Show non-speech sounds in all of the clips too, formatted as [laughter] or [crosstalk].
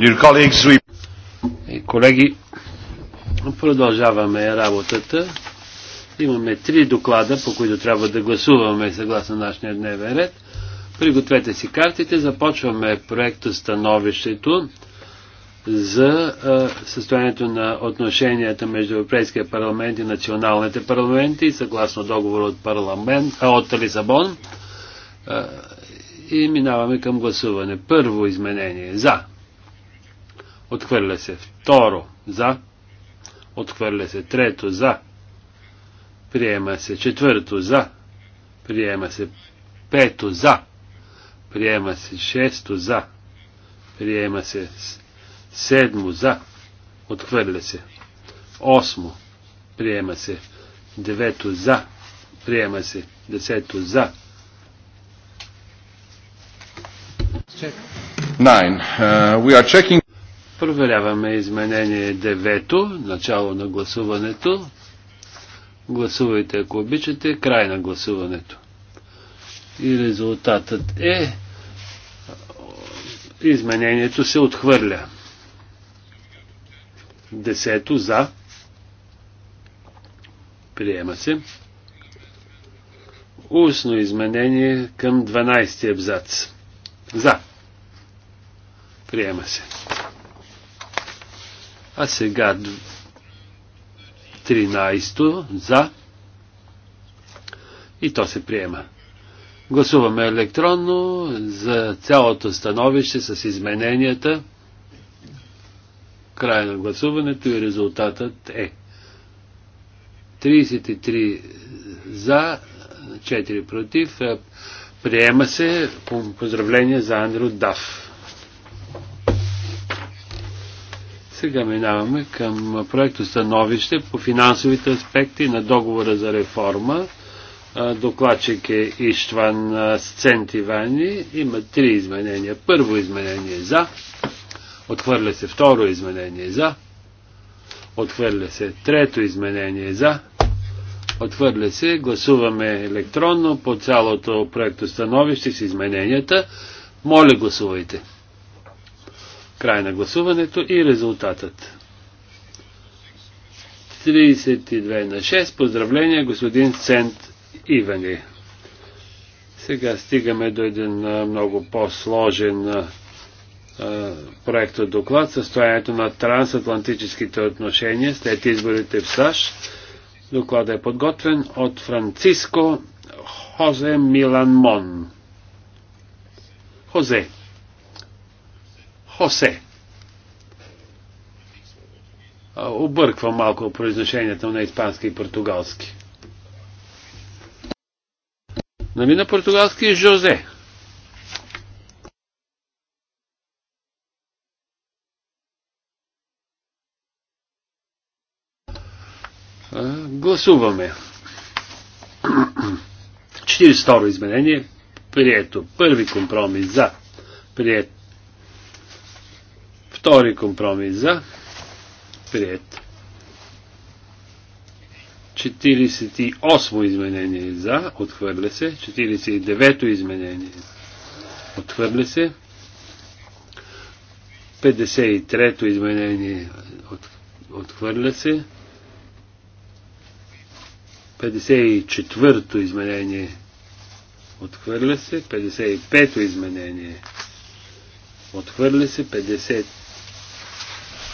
Е, колеги, продължаваме работата. Имаме три доклада, по които трябва да гласуваме съгласно нашия дневен ред. Пригответе си картите. Започваме проекта становището за състоянието на отношенията между Европейския парламент и националните парламенти, съгласно договор от, парламент, а, от Лисабон. и минаваме към гласуване. Първо изменение. За. Отхвърля се. Второ. За. Отхвърля се. Трето. За. Приема се. Четвърто. За. Приема се. Пето. За. Приема се. Шесто. За. Приема се. Седмо. За. Отхвърля се. Осмо. Приема се. Девето. За. Приема се. Десето. За. Nine. Uh, we are checking. Проверяваме изменение 9, начало на гласуването. Гласувайте, ако обичате, край на гласуването. И резултатът е изменението се отхвърля. Десето за. Приема се. Устно изменение към 12 абзац. За. Приема се. А сега 13 за и то се приема. Гласуваме електронно за цялото становище с измененията. Край на гласуването и резултатът е 33 за, 4 против. Приема се поздравление за Андрю Даф. Сега минаваме към проекто становище по финансовите аспекти на договора за реформа. Докладчик е Иштван Сцентивани. Има три изменения. Първо изменение е за. Отхвърля се второ изменение е за. Отхвърля се трето изменение е за. Отхвърля се. Гласуваме електронно по цялото проекто становище с измененията. Моля гласувайте. Край на гласуването и резултатът. 32 на 6. Поздравления, господин Сент Ивани. Сега стигаме до един много по-сложен проект от доклад състоянието на трансатлантическите отношения след изборите в САЩ. Докладът е подготвен от Франциско Хозе Милан Мон. Хозе. Хосе. Обърквам малко произношението на испански и португалски. Нами на португалски е Жозе. Гласуваме. 42 изменение. Прието. Първи компромис за. Прието Втори компромис за. Прият. 48 изменение за. Отхвърля се. 49 изменение. Отхвърля се. 53-то изменение отхвърля се. 54-то изменение отхвърля се. 55-то изменение отхвърля се.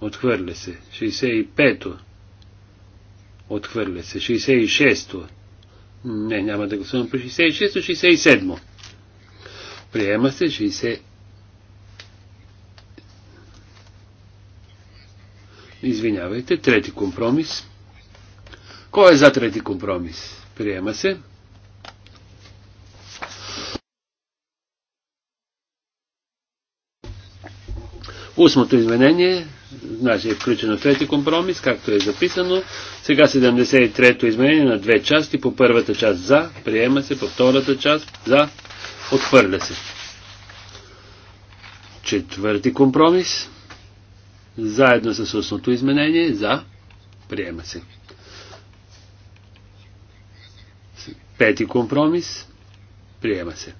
Отхвърля се. 65-то. Отхвърля се. 66-то. Не, няма да гласувам по 66-то. 67-то. Приема се 60. Извинявайте, трети компромис. Кой е за трети компромис? Приема се. Устното изменение, значи е включено в трети компромис, както е записано. Сега 73-то изменение на две части. По първата част за, приема се, по втората част за, отхвърля се. Четвърти компромис, заедно с устното изменение, за, приема се. Пети компромис, приема се.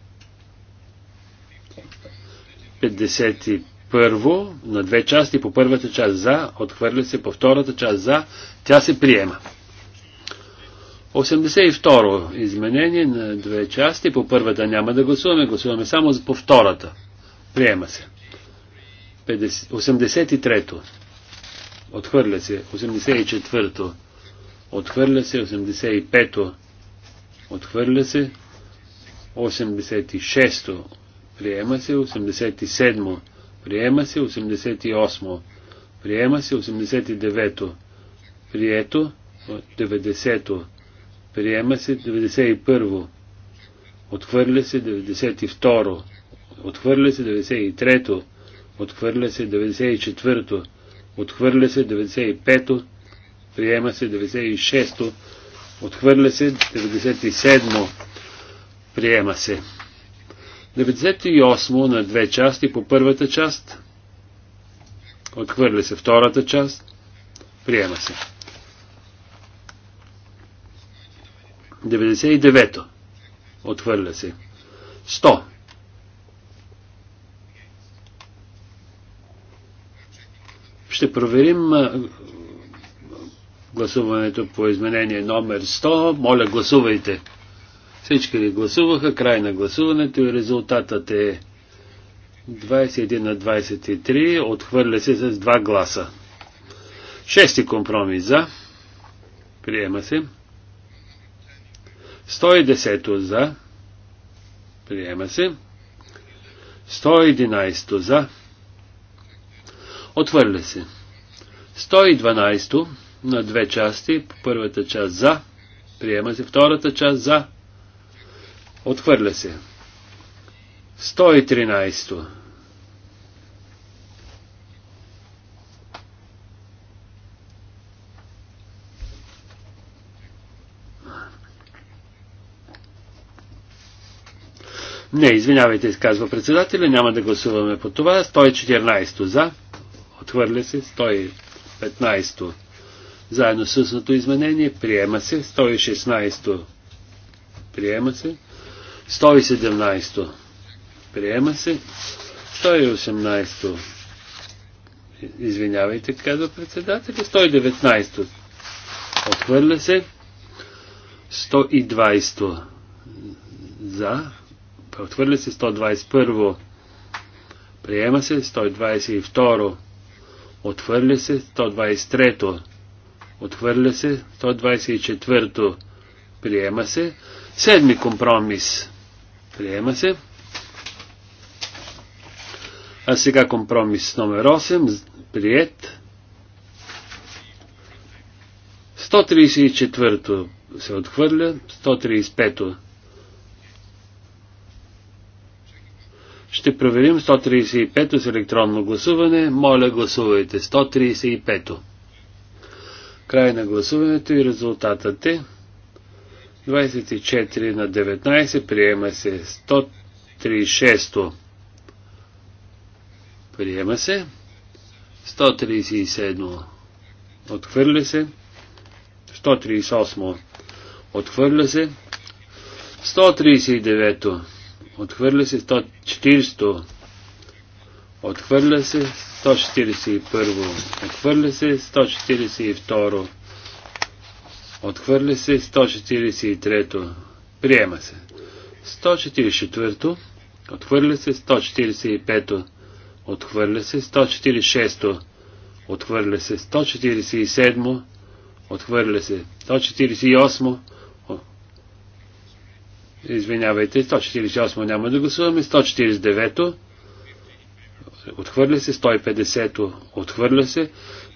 55 първо, на две части, по първата част за, отхвърля се, по втората част за, тя се приема. 82 изменение на две части, по първата няма да гласуваме, гласуваме само по втората. Приема се. 83-то. Отхвърля се. 84-то. Отхвърля се. 85-то. Отхвърля се. 86-то. Приема се. 87-то. Приема се 88. Приема се 89. Прието 90. Приема се 91. Отхвърля се 92. Отхвърля се 93. Отхвърля се 94. Отхвърля се 95. Приема се 96. Отхвърля се 97. Приема се. 98 на две части по първата част. Отхвърля се втората част. Приема се. 99-то. Отхвърля се. 100. Ще проверим гласуването по изменение номер 100. Моля, гласувайте. Всички ли гласуваха? Край на гласуването и резултатът е 21 на 23. Отхвърля се с 2 гласа. Шести компромис за. Приема се. 110 за. Приема се. 111 за. Отвърля се. 112 на две части. Първата част за. Приема се. Втората част за. Отхвърля се. 113. Не, извинявайте, казва председателя, няма да гласуваме по това. 114 за, отхвърля се, 115 заедно с изменение, приема се, 116 приема се, 117. то Приема се. 118. Извинявайте, казва председателя. 119. Отхвърля се. 120. За. Отхвърля се 121. Приема се 122. Отхвърля се 123. Отхвърля се 124. Приема се. Седми компромис. Приема се. А сега компромис номер 8. Прият. 134-то се отхвърля. 135-то. Ще проверим 135-то с електронно гласуване. Моля, гласувайте. 135-то. Край на гласуването и резултатът е 24 на 19 приема се 136. Приема се. 137. Отхвърля се. 138. Отхвърля се. 139. Отхвърля се. 140. Отхвърля се. 141. Отхвърля се. 142. Отхвърли се 143-то. Приема се. 144-то. Отхвърли се 145-то. Отхвърля се 146-то. Отхвърля се 147-то. Отхвърля се 148-то. Извинявайте, 148 няма да гласуваме. 149-то. Отхвърля се 150-то. Отхвърля се.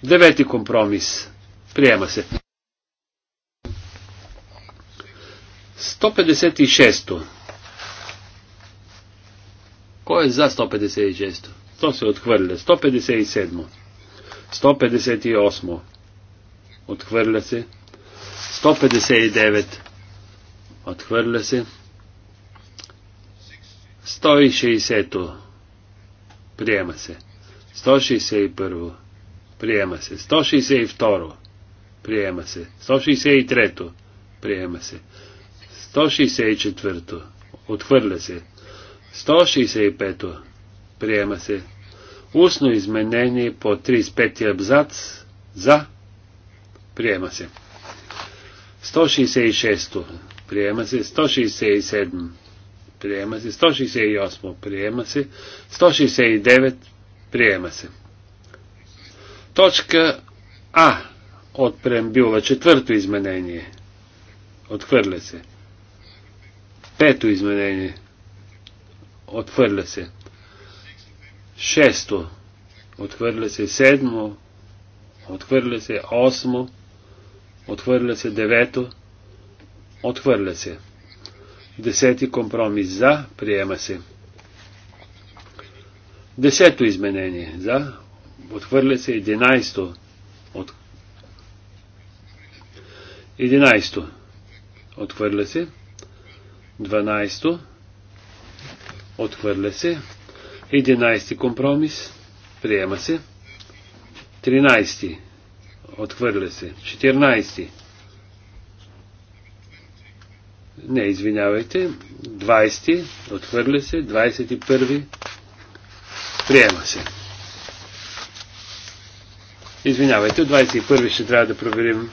9 9-ти компромис. Приема се. 156-то. Кой е за 156-то? То се отхвърля. 157-то. 158-то. Отхвърля се. 159. Отхвърля се. 160. Приема се. 161. Приема се. 162. Приема се. 163. Приема се. 164-то. Отхвърля се. 165-то. Приема се. Устно изменение по 35-ти абзац. За. Приема се. 166-то. Приема се. 167 Приема се. 168 Приема се. 169 Приема се. Точка А от преамбюла. Четвърто изменение. Отхвърля се. 169 Пето изменение. Отхвърля се. Шесто. Отхвърля се. Седмо. Отхвърля се. Осмо. Отхвърля се. Девето. Отхвърля се. Десети компромис за. Приема се. Десето изменение за. Отхвърля се. Единайсто. От... Единайсто. Отхвърля се. 12. Отхвърля се. 11. Компромис. Приема се. 13. Отхвърля се. 14. Не, извинявайте. 20. Отхвърля се. 21. Приема се. Извинявайте, 21 ще трябва да проверим.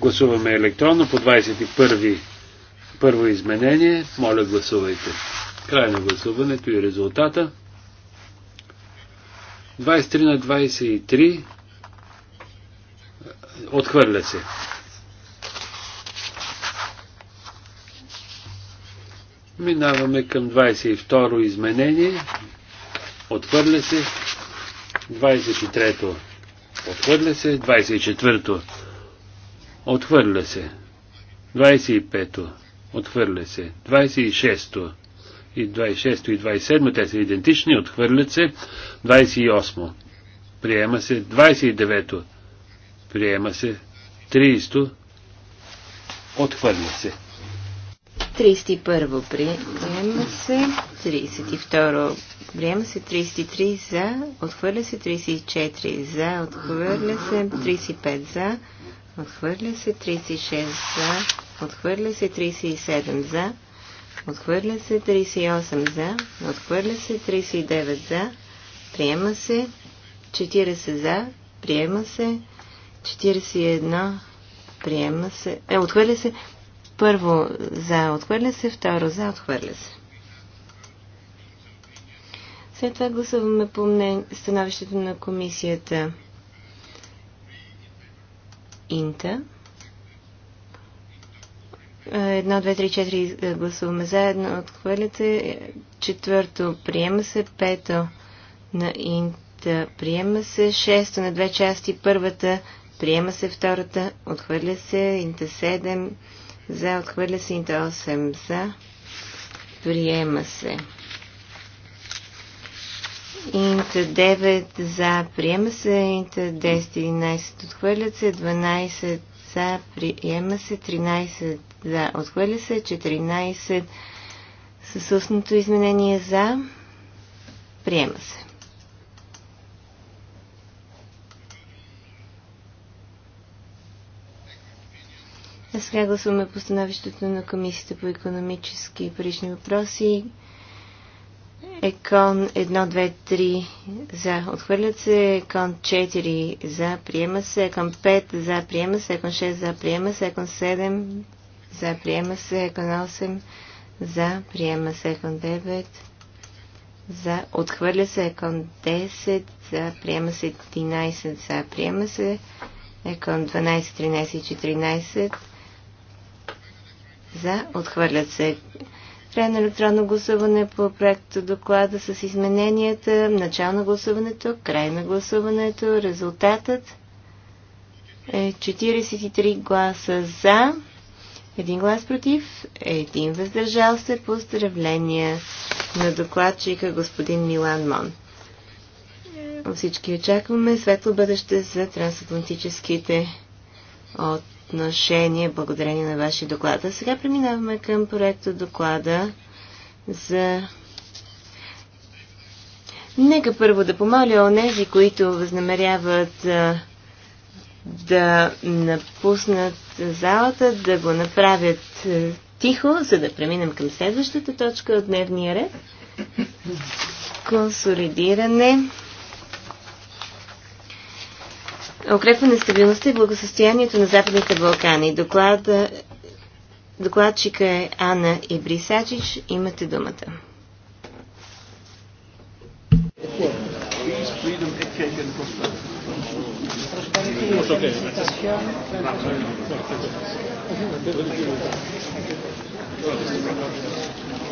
Гласуваме електронно по 21 първо изменение. Моля, гласувайте. Край на гласуването и резултата. 23 на 23. Отхвърля се. Минаваме към 22 изменение. Отхвърля се. 23-то. Отхвърля се. 24-то. Отхвърля се. 25-то. Отхвърля се. 26-то и 26 и 27, те са идентични, отхвърлят се. 28. Приема се 29. то Приема се 30. Отхвърля се. 31. Приема се. 32. Приема се 33 за. Отхвърля се 34 за. Отхвърля се 35 за. Отхвърля се 36 за отхвърля се 37 за, отхвърля се 38 за, отхвърля се 39 за, приема се 40 за, приема се 41, приема се, е, отхвърля се първо за, отхвърля се, второ за, отхвърля се. След това гласуваме по мнение, становището на комисията Инта. Едно, две, три, четири е, гласуваме заедно. Отхвърляте. Четвърто приема се. Пето на инта приема се. Шесто на две части. Първата приема се. Втората отхвърля се. Инта седем за. Отхвърля се. Инта осем за. Приема се. Инта 9 за. Приема се. Инта 10 11 отхвърлят се. 12 за, приема се, 13 за, отхвърля се, 14 с устното изменение за, приема се. А сега гласуваме постановището на Комисията по економически и парични въпроси. Екон 1, 2, 3 за. Отхвърлят се. Екон 4 за. Приема се. Екон 5 за. Приема се. Екон 6 за. Приема се. Екон 7 за. Приема се. Екон 8 за. Приема се. Екон 9 за. Отхвърля се. Екон 10 за. Приема се. 11 за. Приема се. Екон 12, 13 и 14 за. Отхвърлят се на електронно гласуване по проекта доклада с измененията. Начало на гласуването, край на гласуването. Резултатът е 43 гласа за, 1 глас против, 1 въздържал се. Поздравления на докладчика господин Милан Мон. Всички очакваме светло бъдеще за трансатлантическите от отношение благодарение на вашия доклад. А сега преминаваме към проекта доклада за... Нека първо да помоля онези, които възнамеряват да напуснат залата, да го направят тихо, за да преминем към следващата точка от дневния ред. Консолидиране Укрепване на стабилността и благосостоянието на Западните Балкани. Доклада, докладчика е Анна Ибрисачич. Имате думата. Thank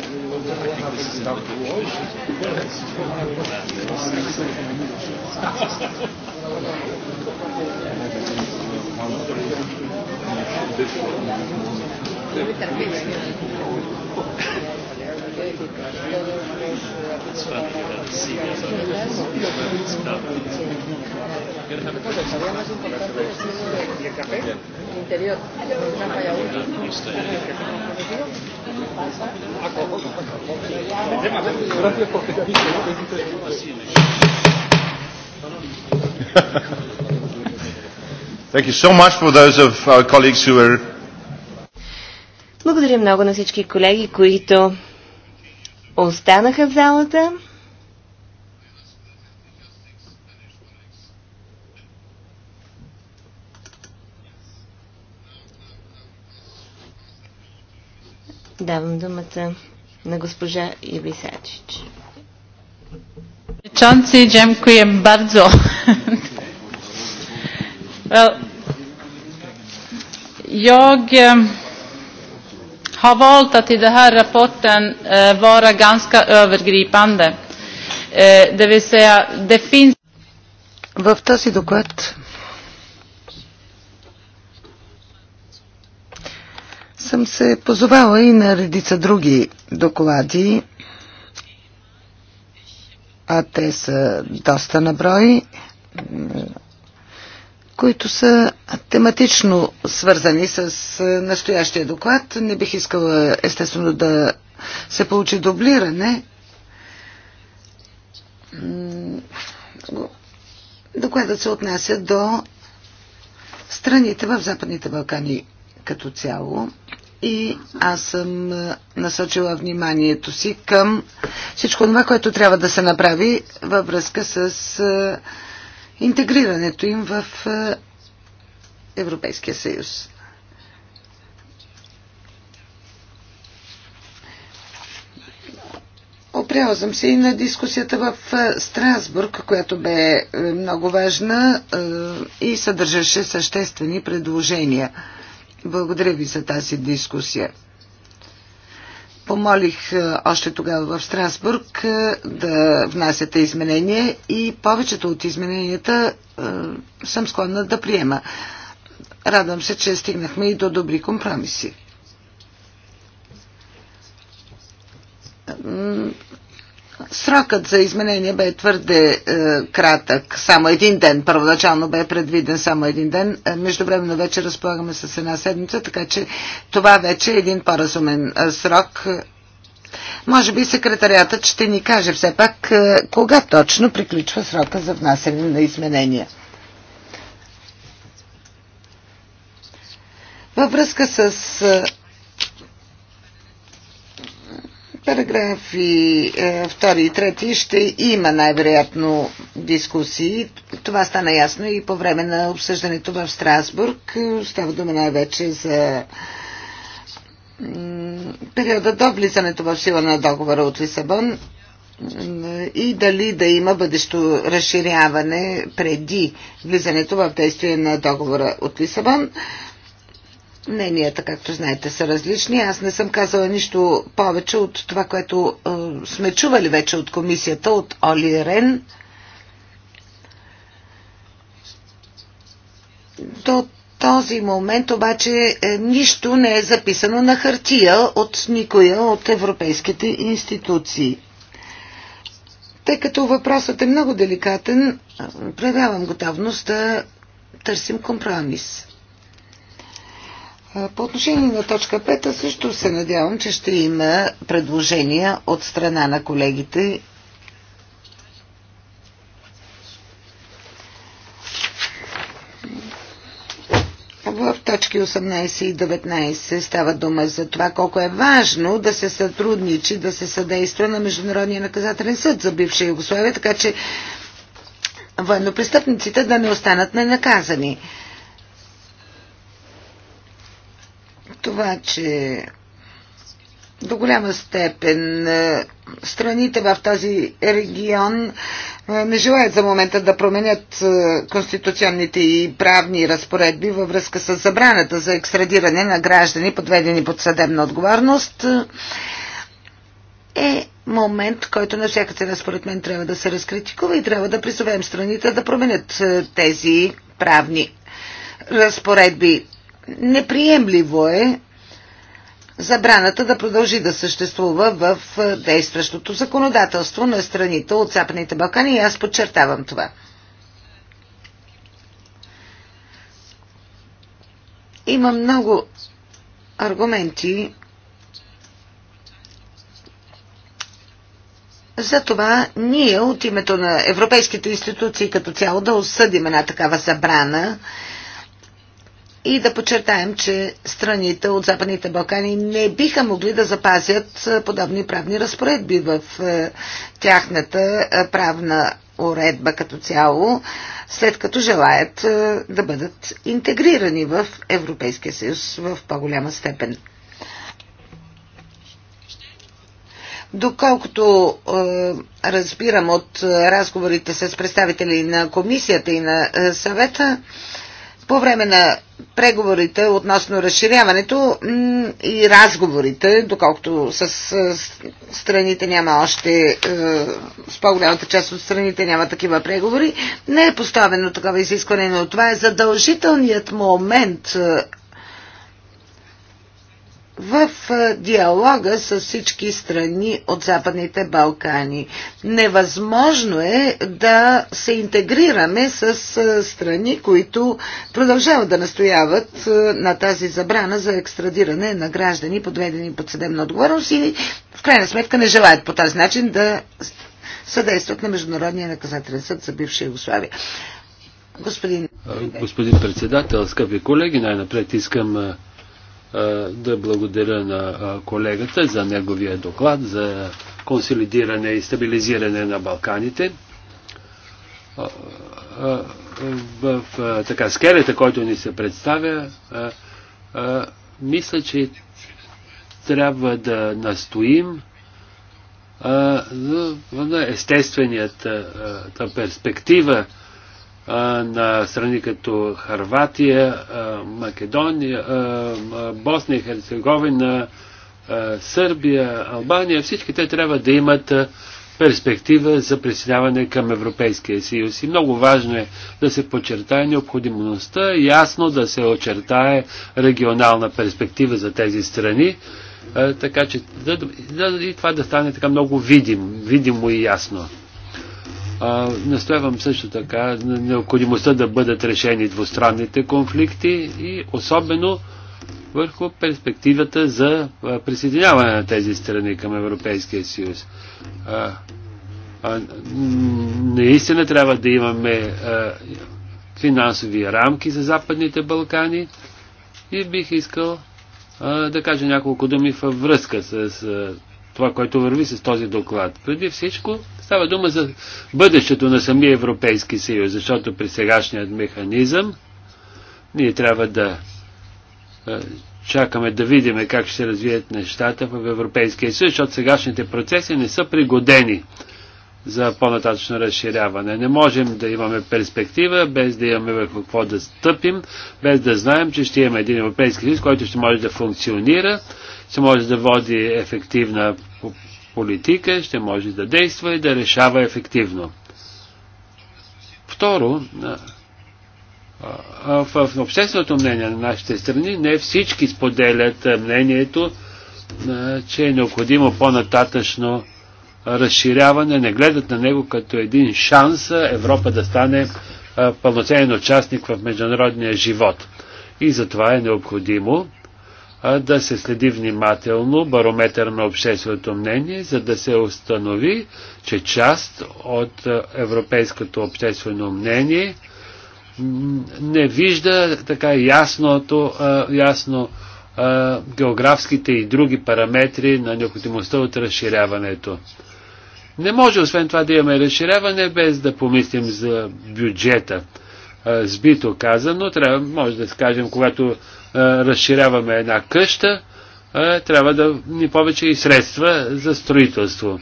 you. I think this is another It's funny you haven't seen it, but it's not. You're going to have a [laughs] Thank you so much for those of our colleagues who are... Благодаря много на всички колеги, които останаха в залата. Давам думата на госпожа Сачич. Чонци, dziękuję bardzo. well, jag har valt att i den här rapporten eh, vara ganska övergripande. Eh, Det vill säga, det finns... В този доклад съм се позовала и на редица други доклади, а те са доста наброи, които са тематично свързани с е, настоящия доклад. Не бих искала, естествено, да се получи дублиране. Докладът се отнася до страните в Западните Балкани като цяло и аз съм насочила вниманието си към всичко това, което трябва да се направи във връзка с интегрирането им в Европейския съюз. Опряла съм се и на дискусията в Страсбург, която бе е, много важна и съдържаше съществени предложения. Благодаря ви за тази дискусия. Помолих е, още тогава в Страсбург е, да внасяте изменения и повечето от измененията е, съм склонна да приема. Радвам се, че стигнахме и до добри компромиси. Срокът за изменение бе твърде е, кратък, само един ден. Първоначално бе предвиден само един ден. Е, междувременно вече разполагаме с една седмица, така че това вече е един по-разумен е, срок. Може би секретарятът ще ни каже все пак е, кога точно приключва срока за внасяне на изменения. Във връзка с. Е, параграфи 2 е, и 3 ще има най-вероятно дискусии. Това стана ясно и по време на обсъждането в Страсбург. Е, става дума най-вече за периода до влизането в сила на договора от Лисабон и дали да има бъдещо разширяване преди влизането в действие на договора от Лисабон мненията, както знаете, са различни. Аз не съм казала нищо повече от това, което е, сме чували вече от комисията, от Оли Рен. До този момент обаче е, нищо не е записано на хартия от никоя от европейските институции. Тъй като въпросът е много деликатен, е, проявявам готовност да търсим компромис. По отношение на точка 5 също се надявам, че ще има предложения от страна на колегите. В точки 18 и 19 става дума за това колко е важно да се сътрудничи, да се съдейства на Международния наказателен съд за бивша Югославия, така че военнопрестъпниците да не останат ненаказани. наказани. това, че до голяма степен е, страните в този регион е, не желаят за момента да променят е, конституционните и правни разпоредби във връзка с забраната за екстрадиране на граждани, подведени под съдебна отговорност, е момент, който на всяка цена според мен трябва да се разкритикува и трябва да призовем страните да променят тези правни разпоредби неприемливо е забраната да продължи да съществува в е, действащото законодателство на страните от Западните Балкани и аз подчертавам това. Има много аргументи за това ние от името на европейските институции като цяло да осъдим една такава забрана и да подчертаем, че страните от Западните Балкани не биха могли да запазят подобни правни разпоредби в тяхната правна уредба като цяло, след като желаят да бъдат интегрирани в Европейския съюз в по-голяма степен. Доколкото е, разбирам от разговорите с представители на комисията и на е, съвета, е, по време на преговорите относно разширяването и разговорите, доколкото с страните няма още, е, с по-голямата част от страните няма такива преговори, не е поставено такова изискване, но това е задължителният момент е, в диалога с всички страни от Западните Балкани. Невъзможно е да се интегрираме с страни, които продължават да настояват на тази забрана за екстрадиране на граждани, подведени под съдебна отговорност и в крайна сметка не желаят по този начин да съдействат на Международния наказателен съд за бивша Югославия. Господин... Господин председател, скъпи колеги, най-напред искам е, да благодаря на е, колегата за неговия доклад за консолидиране и стабилизиране на Балканите. Е, в така скелета, който ни се представя, мисля, че трябва да настоим на естественията перспектива на страни като Харватия, Македония, Босния и Херцеговина, Сърбия, Албания, всички те трябва да имат перспектива за присъединяване към Европейския съюз. И много важно е да се подчертае необходимостта, ясно да се очертае регионална перспектива за тези страни, така че да, да, и това да стане така много видим, видимо и ясно. А, настоявам също така на необходимостта да бъдат решени двустранните конфликти и особено върху перспективата за присъединяване на тези страни към Европейския съюз. А, а, наистина трябва да имаме а, финансови рамки за Западните Балкани и бих искал а, да кажа няколко думи във връзка с а, това, което върви с този доклад. Преди всичко, Става дума за бъдещето на самия Европейски съюз, защото при сегашният механизъм ние трябва да чакаме да видим как ще се развият нещата в Европейския съюз, защото сегашните процеси не са пригодени за по-нататъчно разширяване. Не можем да имаме перспектива, без да имаме върху какво да стъпим, без да знаем, че ще имаме един Европейски съюз, който ще може да функционира, ще може да води ефективна политика ще може да действа и да решава ефективно. Второ, в общественото мнение на нашите страни не всички споделят мнението, че е необходимо по-нататъчно разширяване, не гледат на него като един шанс Европа да стане пълноценен участник в международния живот. И затова е необходимо да се следи внимателно барометър на общественото мнение, за да се установи, че част от европейското обществено мнение не вижда така ясното, ясно географските и други параметри на необходимостта от разширяването. Не може освен това да имаме разширяване без да помислим за бюджета. Сбито казано, трябва, може да скажем, когато е, разширяваме една къща, е, трябва да ни повече и средства за строителство.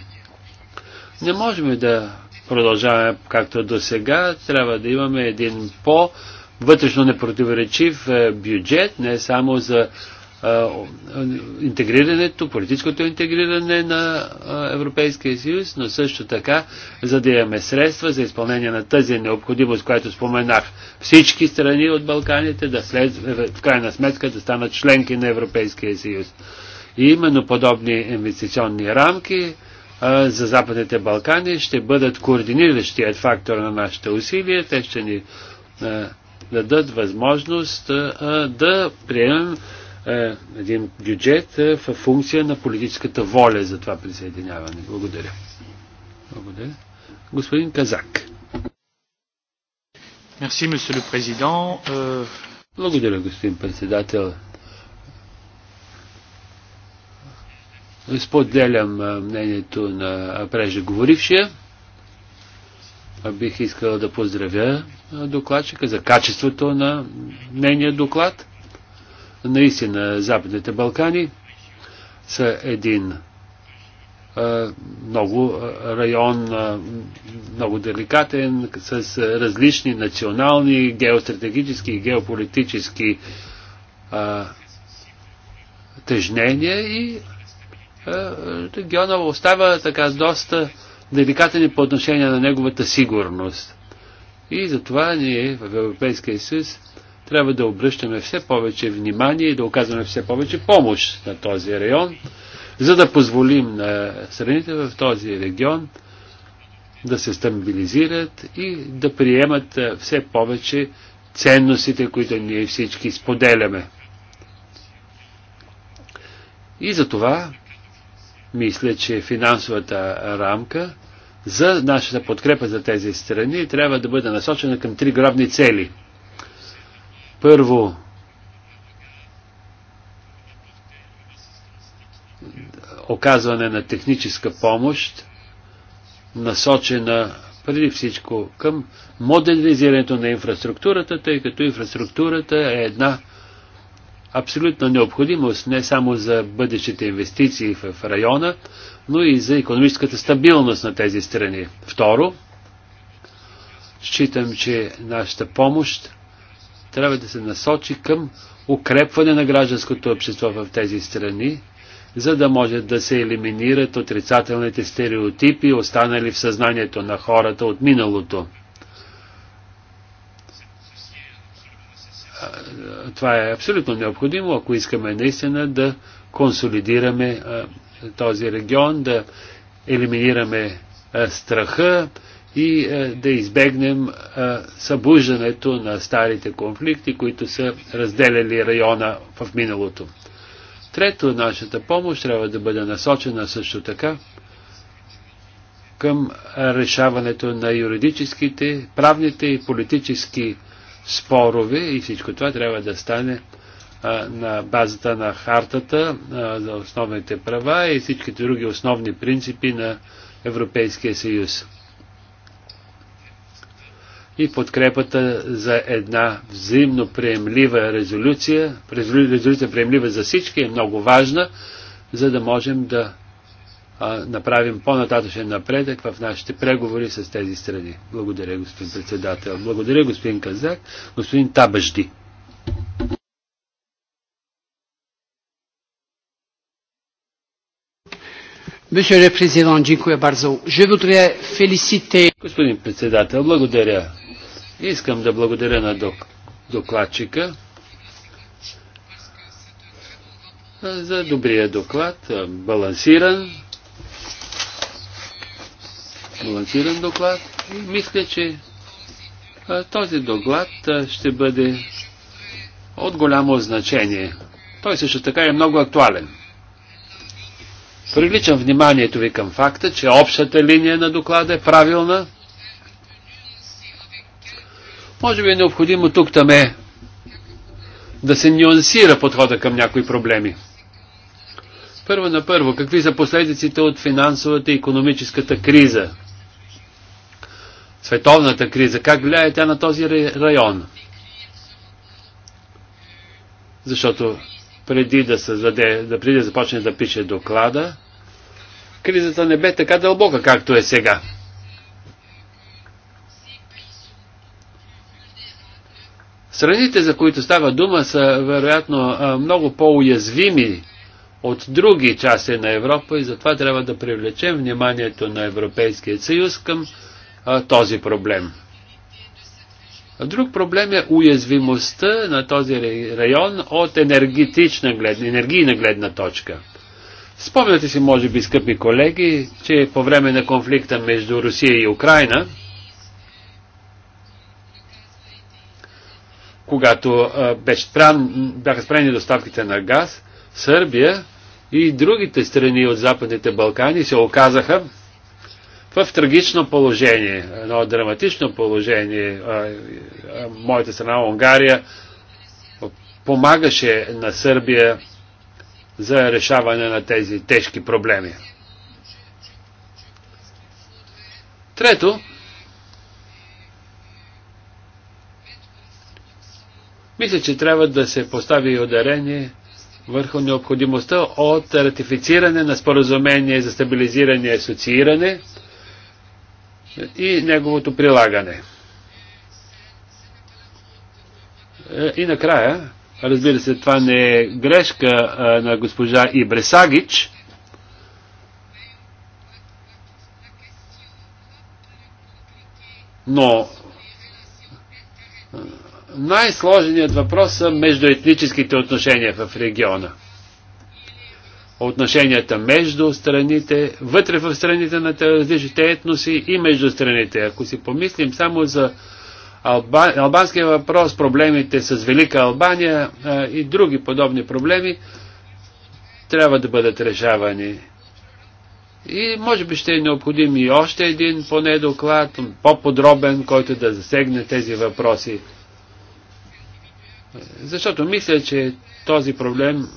Не можем да продължаваме както до сега, трябва да имаме един по- вътрешно непротиворечив е, бюджет, не само за интегрирането, политическото интегриране на Европейския съюз, но също така, за да имаме средства за изпълнение на тази необходимост, която споменах, всички страни от Балканите да след, в крайна сметка да станат членки на Европейския съюз. И именно подобни инвестиционни рамки за Западните Балкани ще бъдат координиращият фактор на нашите усилия. Те ще ни дадат възможност да приемем е, един бюджет е, в функция на политическата воля за това присъединяване. Благодаря. Благодаря. Господин Казак. Мерси, месье президент. Благодаря, господин председател. Споделям е, мнението на преждеговорившия. Бих искал да поздравя докладчика за качеството на нейния доклад Наистина, Западните Балкани са един много район, много деликатен, с различни национални, геостратегически и геополитически а, тежнения и а, региона остава така доста деликатен по отношение на неговата сигурност. И затова ние в Европейския съюз трябва да обръщаме все повече внимание и да оказваме все повече помощ на този район, за да позволим на страните в този регион да се стабилизират и да приемат все повече ценностите, които ние всички споделяме. И за това мисля, че финансовата рамка за нашата подкрепа за тези страни трябва да бъде насочена към три главни цели – първо, оказване на техническа помощ, насочена преди всичко към модернизирането на инфраструктурата, тъй като инфраструктурата е една абсолютна необходимост не само за бъдещите инвестиции в района, но и за економическата стабилност на тези страни. Второ, считам, че нашата помощ трябва да се насочи към укрепване на гражданското общество в тези страни, за да може да се елиминират отрицателните стереотипи, останали в съзнанието на хората от миналото. Това е абсолютно необходимо, ако искаме наистина да консолидираме този регион, да елиминираме страха и е, да избегнем е, събуждането на старите конфликти, които са разделяли района в миналото. Трето, нашата помощ трябва да бъде насочена също така към решаването на юридическите, правните и политически спорове и всичко това трябва да стане на базата на хартата за основните права и всичките други основни принципи на Европейския съюз и подкрепата за една взаимно приемлива резолюция, резолюция приемлива за всички е много важна, за да можем да направим по-нататъчен напредък в нашите преговори с тези страни. Благодаря, господин председател. Благодаря, господин Казак. Господин Табажди. Господин председател, благодаря. Искам да благодаря на док, докладчика за добрия доклад, балансиран, балансиран доклад. И мисля, че този доклад ще бъде от голямо значение. Той също така е много актуален. Привличам вниманието ви към факта, че общата линия на доклада е правилна, може би е необходимо тук-таме да се нюансира подхода към някои проблеми. Първо на първо, какви са последиците от финансовата и економическата криза? Световната криза, как влияе тя на този район? Защото преди да, създаде, да, преди да започне да пише доклада, кризата не бе така дълбока, както е сега. Страните, за които става дума, са вероятно много по-уязвими от други части на Европа и затова трябва да привлечем вниманието на Европейския съюз към а, този проблем. Друг проблем е уязвимостта на този район от енергетична гледна, енергийна гледна точка. Спомняте си, може би, скъпи колеги, че по време на конфликта между Русия и Украина, когато беше спрян, бяха спрени доставките на газ, Сърбия и другите страни от Западните Балкани се оказаха в трагично положение, едно драматично положение. Моята страна Унгария помагаше на Сърбия за решаване на тези тежки проблеми. Трето, Мисля, че трябва да се постави и ударение върху необходимостта от ратифициране на споразумение за стабилизиране и асоцииране и неговото прилагане. Е, и накрая, разбира се, това не е грешка на госпожа Ибресагич, но най-сложният въпрос са междуетническите отношения в региона. Отношенията между страните, вътре в страните на различните етноси и между страните. Ако си помислим само за Алба... албанския въпрос, проблемите с Велика Албания а, и други подобни проблеми, трябва да бъдат решавани. И може би ще е необходим и още един поне доклад, по-подробен, който да засегне тези въпроси. Защото мисля, че този проблем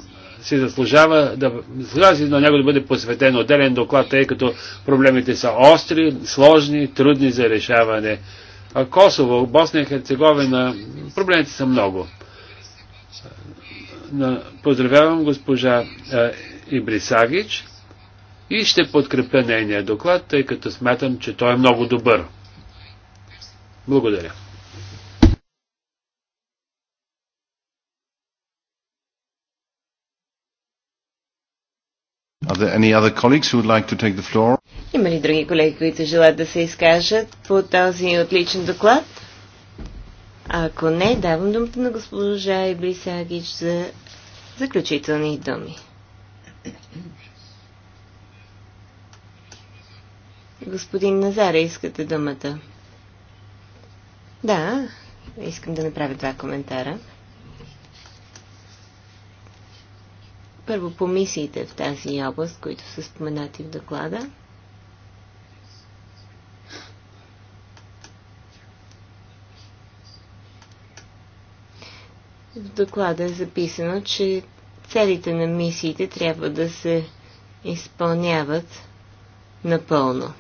си заслужава да заслужава на него да бъде посветен отделен доклад, тъй като проблемите са остри, сложни, трудни за решаване. А Косово, Босния и Херцеговина, проблемите са много. Поздравявам госпожа Ибрисагич и ще подкрепя нейния доклад, тъй като смятам, че той е много добър. Благодаря. Like Има ли други колеги, които желаят да се изкажат по този отличен доклад? Ако не, давам думата на госпожа Ибриса Агич за заключителни думи. Господин Назаре, искате думата? Да, искам да направя два коментара. Първо по мисиите в тази област, които са споменати в доклада. В доклада е записано, че целите на мисиите трябва да се изпълняват напълно.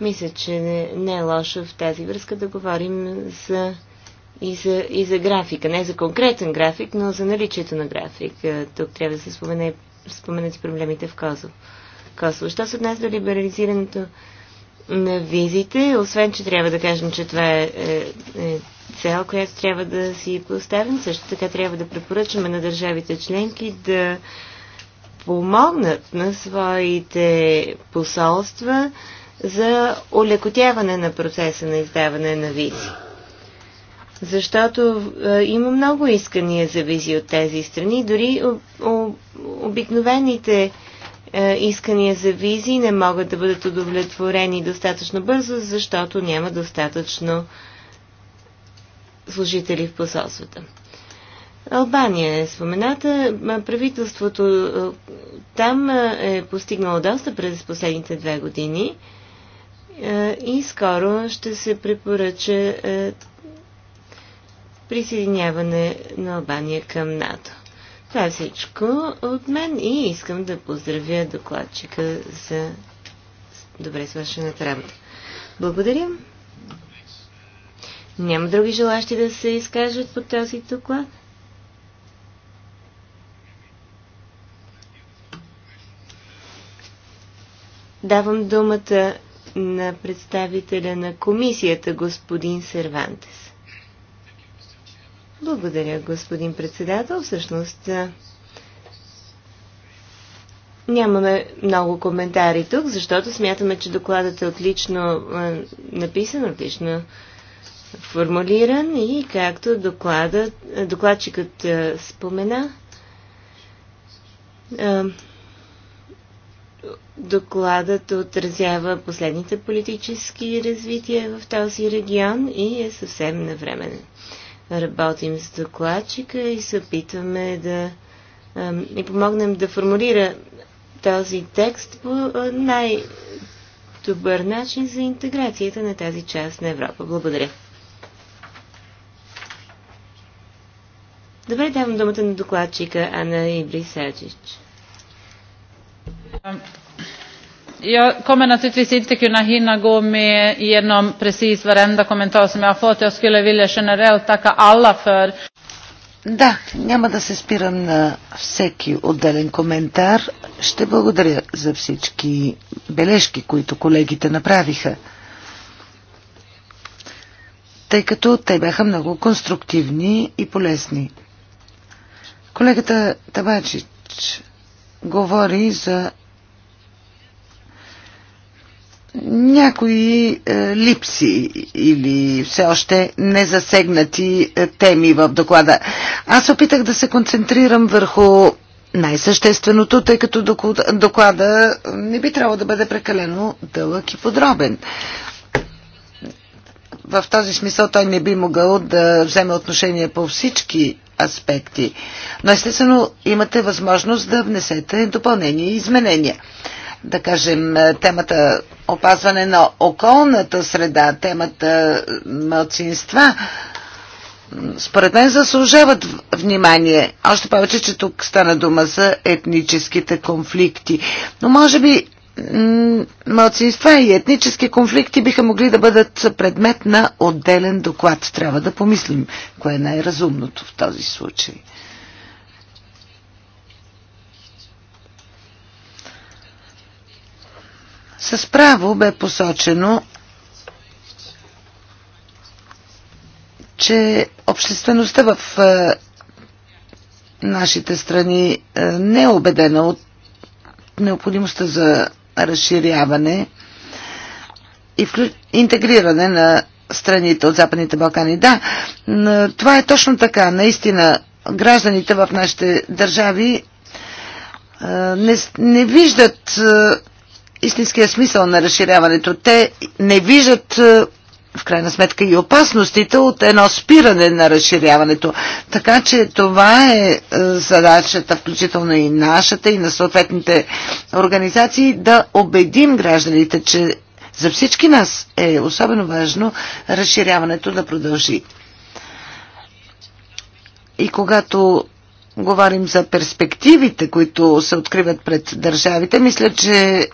Мисля, че не е лошо в тази връзка да говорим за и за, и за графика. Не за конкретен график, но за наличието на график. Е, тук трябва да се спомене, споменат и проблемите в Козово. Козов. Що се отнася до либерализирането на визите, освен, че трябва да кажем, че това е, е, е цел, която трябва да си поставим, също така трябва да препоръчаме на държавите членки да помогнат на своите посолства за улекотяване на процеса на издаване на визи защото е, има много искания за визи от тези страни. Дори е, обикновените е, искания за визи не могат да бъдат удовлетворени достатъчно бързо, защото няма достатъчно служители в посолствата. Албания е спомената. Е, правителството е, там е постигнало доста през последните две години и скоро ще се препоръча присъединяване на Албания към НАТО. Това е всичко от мен и искам да поздравя докладчика за добре свършената работа. Благодаря. Няма други желащи да се изкажат по този доклад? Давам думата на представителя на комисията, господин Сервантес. Благодаря, господин председател. Всъщност нямаме много коментари тук, защото смятаме, че докладът е отлично написан, отлично формулиран и както докладът, докладчикът спомена, докладът отразява последните политически развития в този регион и е съвсем навременен работим с докладчика и се опитваме да ни помогнем да формулира този текст по най-добър начин за интеграцията на тази част на Европа. Благодаря. Добре, давам думата на докладчика Анна Ибрисачич. Jag kommer naturligtvis inte kunna hinna gå med igenom precis varenda kommentar som jag har fått. Jag skulle vilja generellt tacka alla för... Да, няма да се спирам на всеки отделен коментар. Ще благодаря за всички бележки, които колегите направиха. Тъй като те бяха много конструктивни и полезни. Колегата Табачич говори за някои е, липси или все още незасегнати е, теми в доклада. Аз опитах да се концентрирам върху най-същественото, тъй като доклада не би трябвало да бъде прекалено дълъг и подробен. В този смисъл той не би могъл да вземе отношение по всички аспекти. Но естествено имате възможност да внесете допълнение и изменения да кажем, е, темата опазване на околната среда, темата е, мълцинства, според мен заслужават внимание. Още повече, че тук стана дума за етническите конфликти. Но може би мълцинства и етнически конфликти биха могли да бъдат предмет на отделен доклад. Трябва да помислим кое е най-разумното в този случай. С право бе посочено, че обществеността в е, нашите страни е, не е убедена от необходимостта за разширяване и интегриране на страните от Западните Балкани. Да, това е точно така. Наистина, гражданите в нашите държави е, не, не виждат истинския смисъл на разширяването. Те не виждат е, в крайна сметка и опасностите от едно спиране на разширяването. Така че това е, е задачата, включително и нашата, и на съответните организации, да убедим гражданите, че за всички нас е особено важно разширяването да продължи. И когато говорим за перспективите, които се откриват пред държавите, мисля, че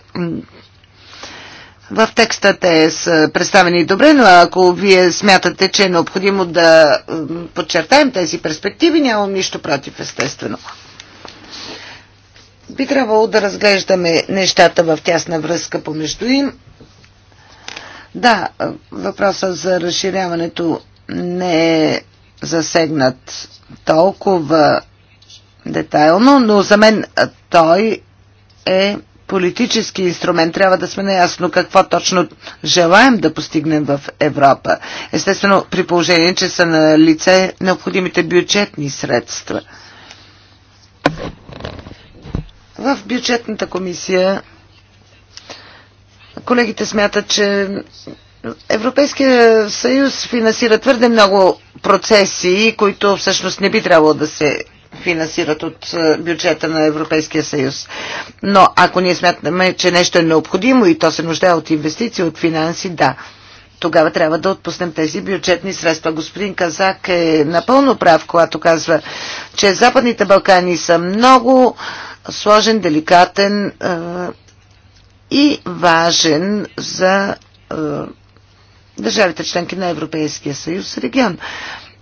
в текста те са представени добре, но ако вие смятате, че е необходимо да подчертаем тези перспективи, нямам нищо против, естествено. Би трябвало да разглеждаме нещата в тясна връзка помежду им. Да, въпросът за разширяването не е засегнат толкова детайлно, но за мен той е политически инструмент. Трябва да сме наясно какво точно желаем да постигнем в Европа. Естествено, при положение, че са на лице необходимите бюджетни средства. В бюджетната комисия колегите смятат, че Европейския съюз финансира твърде много процеси, които всъщност не би трябвало да се финансират от е, бюджета на Европейския съюз. Но ако ние смятаме, че нещо е необходимо и то се нуждае от инвестиции, от финанси, да. Тогава трябва да отпуснем тези бюджетни средства. Господин Казак е напълно прав, когато казва, че Западните Балкани са много сложен, деликатен е, и важен за е, държавите членки на Европейския съюз регион.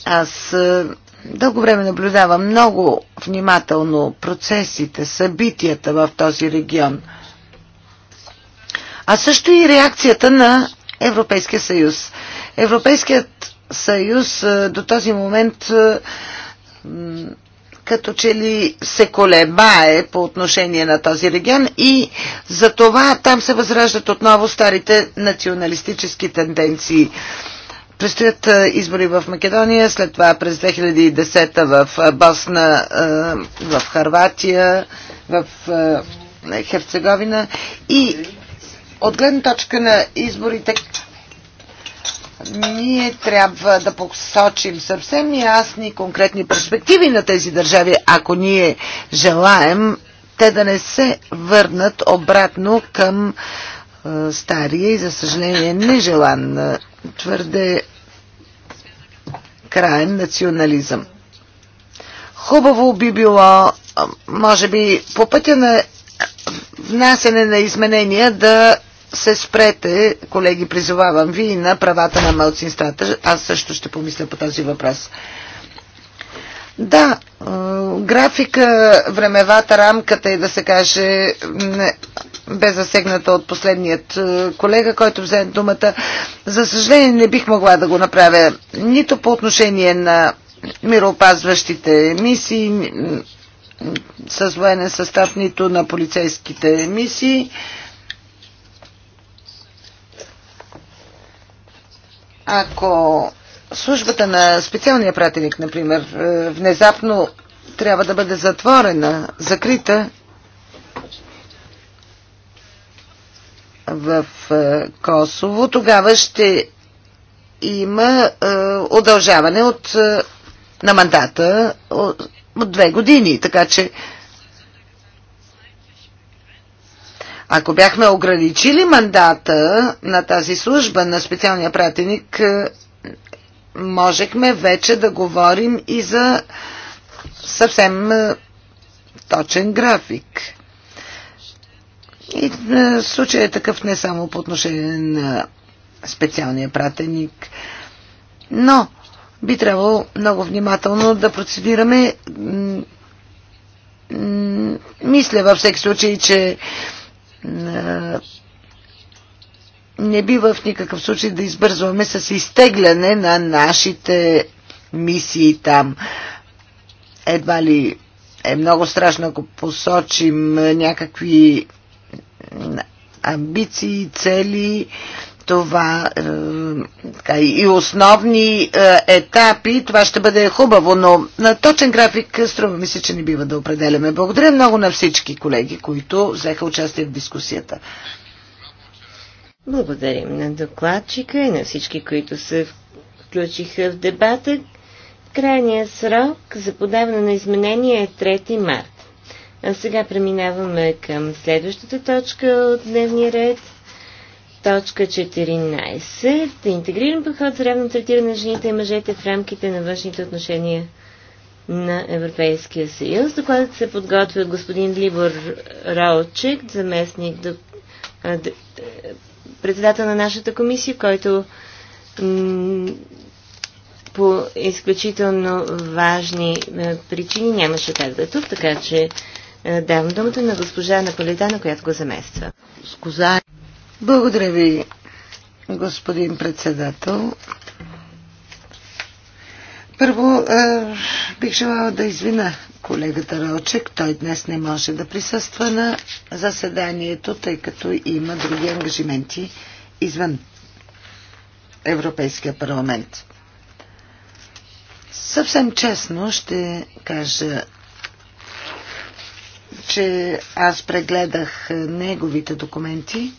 Аз е, Дълго време наблюдавам много внимателно процесите, събитията в този регион, а също и реакцията на Европейския съюз. Европейският съюз е, до този момент е, като че ли се колебае по отношение на този регион и за това там се възраждат отново старите националистически тенденции. Предстоят избори в Македония, след това през 2010 в Босна, в Харватия, в Херцеговина и от гледна точка на изборите ние трябва да посочим съвсем ясни конкретни перспективи на тези държави, ако ние желаем те да не се върнат обратно към стария и, за съжаление, нежелан твърде краен национализъм. Хубаво би било, може би, по пътя на внасене на изменения да се спрете, колеги, призовавам ви, на правата на малцинствата. Аз също ще помисля по този въпрос. Да, графика, времевата рамката и да се каже бе засегната от последният е, колега, който взе думата. За съжаление не бих могла да го направя нито по отношение на мироопазващите мисии с военен състав, нито на полицейските мисии. Ако службата на специалния пратеник, например, е, внезапно трябва да бъде затворена, закрита в е, Косово, тогава ще има е, удължаване от, е, на мандата от, две години. Така че Ако бяхме ограничили мандата на тази служба, на специалния пратеник, можехме вече да говорим и за съвсем точен график. И е, случай е такъв не само по отношение на специалния пратеник, но би трябвало много внимателно да процедираме. Мисля във всеки случай, че е, не бива в никакъв случай да избързваме с изтегляне на нашите мисии там. Едва ли е много страшно, ако посочим някакви амбиции, цели, това е, така, и основни е, етапи, това ще бъде хубаво, но на точен график е, струва ми се, че не бива да определяме. Благодаря много на всички колеги, които взеха участие в дискусията. Благодарим на докладчика и на всички, които се включиха в дебата. Крайният срок за подаване на изменения е 3 март. А сега преминаваме към следващата точка от дневния ред. Точка 14. Интегриран подход за равно третиране на жените и мъжете в рамките на външните отношения на Европейския съюз. Докладът се подготвя от господин Либор Раочек, заместник до, а, д, председател на нашата комисия, който по изключително важни причини нямаше как да е тук, така че е, давам думата на госпожа Наполитана, която го замества. Благодаря ви, господин председател. Първо, е, бих желала да извина колегата Ралчек. Той днес не може да присъства на заседанието, тъй като има други ангажименти извън Европейския парламент. Съвсем честно ще кажа че аз прегледах е, неговите документи,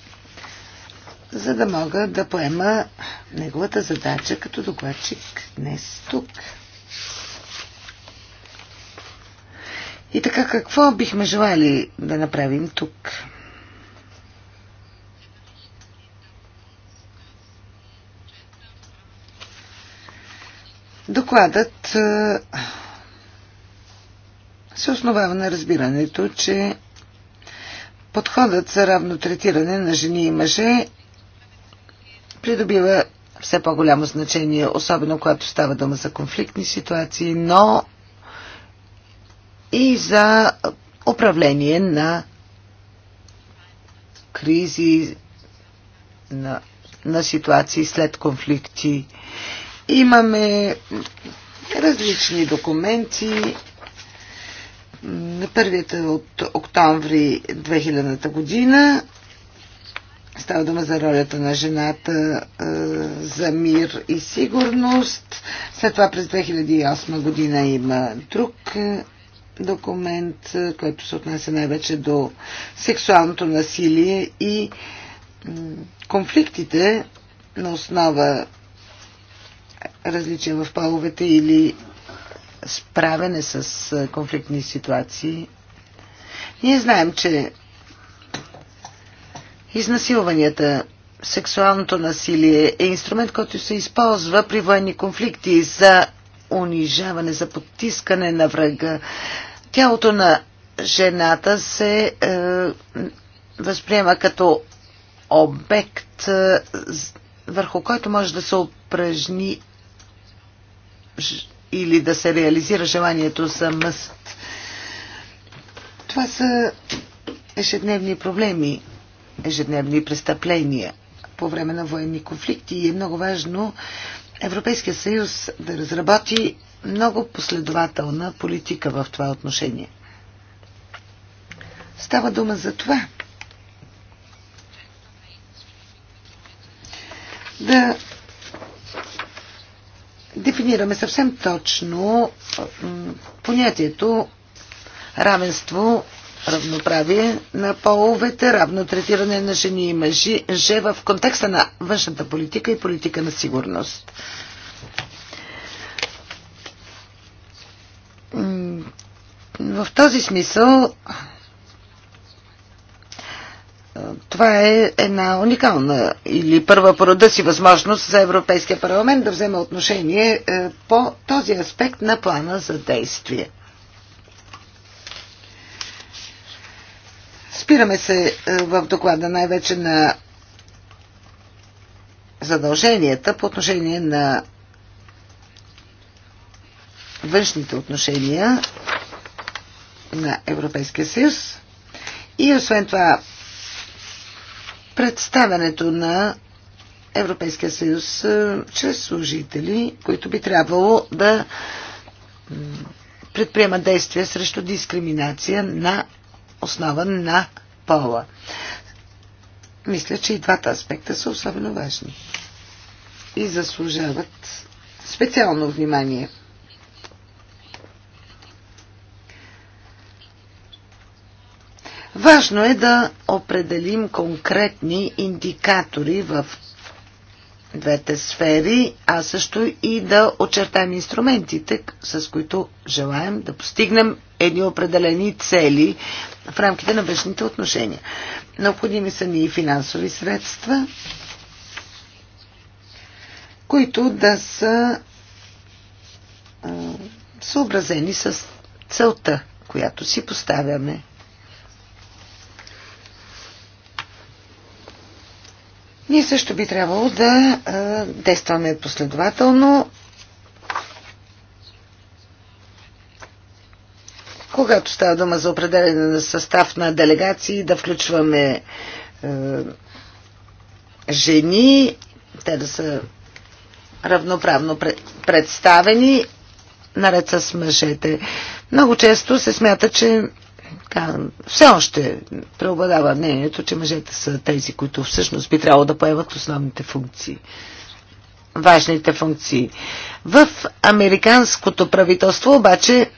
за да мога да поема неговата задача като докладчик днес тук. И така, какво бихме желали да направим тук? Докладът е, се основава на разбирането, че подходът за равно третиране на жени и мъже придобива все по-голямо значение, особено когато става дума за конфликтни ситуации, но и за управление на кризи, на, на ситуации след конфликти. Имаме различни документи, Първият е от октомври 2000 година. Става дума за ролята на жената за мир и сигурност. След това през 2008 година има друг документ, който се отнася най-вече до сексуалното насилие и конфликтите на основа различия в половете или справяне с конфликтни ситуации. Ние знаем, че изнасилванията, сексуалното насилие е инструмент, който се използва при военни конфликти за унижаване, за потискане на врага. Тялото на жената се е, възприема като обект, е, върху който може да се упражни или да се реализира желанието за мъст. Това са ежедневни проблеми, ежедневни престъпления по време на военни конфликти и е много важно Европейския съюз да разработи много последователна политика в това отношение. Става дума за това. Да дефинираме съвсем точно понятието равенство, равноправие на половете, равно третиране на жени и мъжи, же в контекста на външната политика и политика на сигурност. В този смисъл това е една уникална или първа порода си възможност за Европейския парламент да вземе отношение е, по този аспект на плана за действие. Спираме се е, в доклада най-вече на задълженията по отношение на външните отношения на Европейския съюз. И освен това представянето на Европейския съюз е, чрез служители, които би трябвало да предприемат действия срещу дискриминация на основа на пола. Мисля, че и двата аспекта са особено важни и заслужават специално внимание. Важно е да определим конкретни индикатори в двете сфери, а също и да очертаем инструментите, с които желаем да постигнем едни определени цели в рамките на външните отношения. Необходими са ни и финансови средства, които да са съобразени с целта, която си поставяме Ние също би трябвало да действаме последователно. Когато става дума за определене на състав на делегации, да включваме жени, те да са равноправно представени наред с мъжете. Много често се смята, че така, все още преобладава мнението, че мъжете са тези, които всъщност би трябвало да поемат основните функции. Важните функции. В американското правителство обаче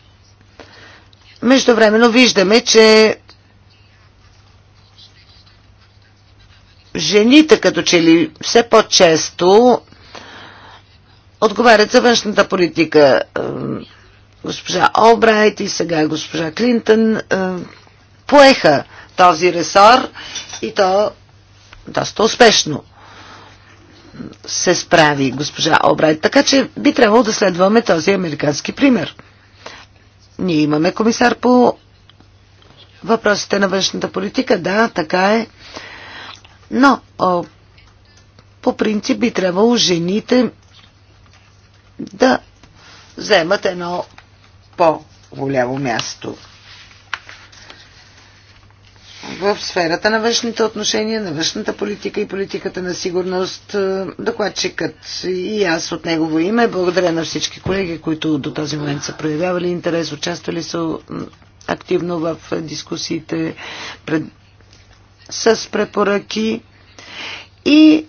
междувременно виждаме, че жените като че ли все по-често отговарят за външната политика госпожа Олбрайт и сега госпожа Клинтън е, поеха този ресор и то доста успешно се справи госпожа Олбрайт. Така че би трябвало да следваме този американски пример. Ние имаме комисар по въпросите на външната политика, да, така е. Но о, по принцип би трябвало жените да вземат едно по-голямо място в сферата на външните отношения, на външната политика и политиката на сигурност. Е, докладчикът и аз от негово име. Благодаря на всички колеги, които до този момент са проявявали интерес, участвали са активно в дискусиите пред... с препоръки. И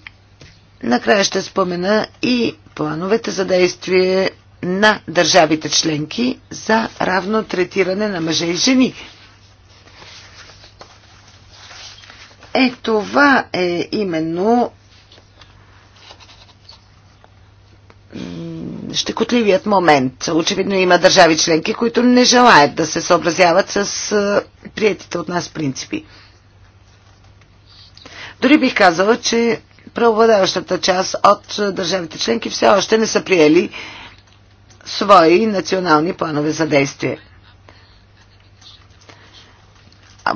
накрая ще спомена и плановете за действие на държавите членки за равно третиране на мъже и жени. Е, това е именно щекотливият момент. Очевидно има държави членки, които не желаят да се съобразяват с приятите от нас принципи. Дори бих казала, че преобладаващата част от държавите членки все още не са приели свои национални планове за действие.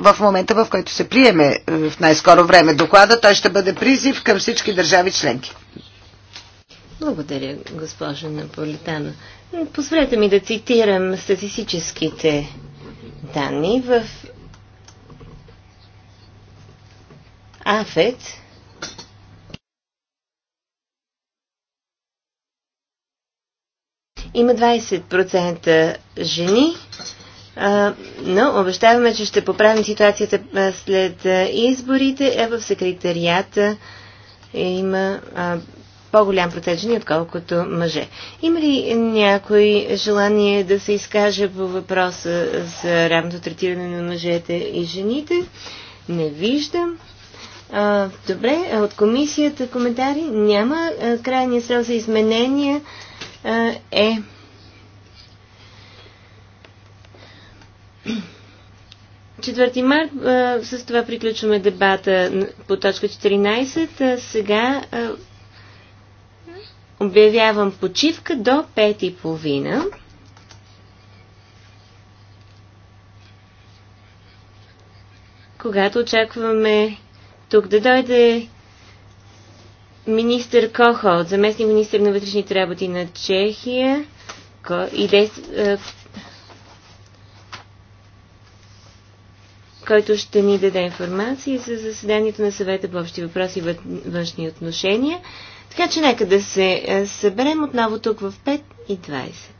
В момента, в който се приеме е, в най-скоро време доклада, той ще бъде призив към всички държави членки. Благодаря, госпожа Наполитана. Позволете ми да цитирам статистическите данни в АФЕТ Има 20% жени, но обещаваме, че ще поправим ситуацията след изборите. Е в секретарията има по-голям процент жени, отколкото мъже. Има ли някой желание да се изкаже по въпроса за равното третиране на мъжете и жените? Не виждам. добре, от комисията коментари няма. Крайния срок за изменения е, е Четвърти март. С това приключваме дебата по точка 14. Сега обявявам почивка до 5 и половина. Когато очакваме тук да дойде министър от заместник министър на вътрешните работи на Чехия и е, който ще ни даде информация за заседанието на съвета по общи въпроси и външни отношения. Така че нека да се е, съберем отново тук в 5 и 20.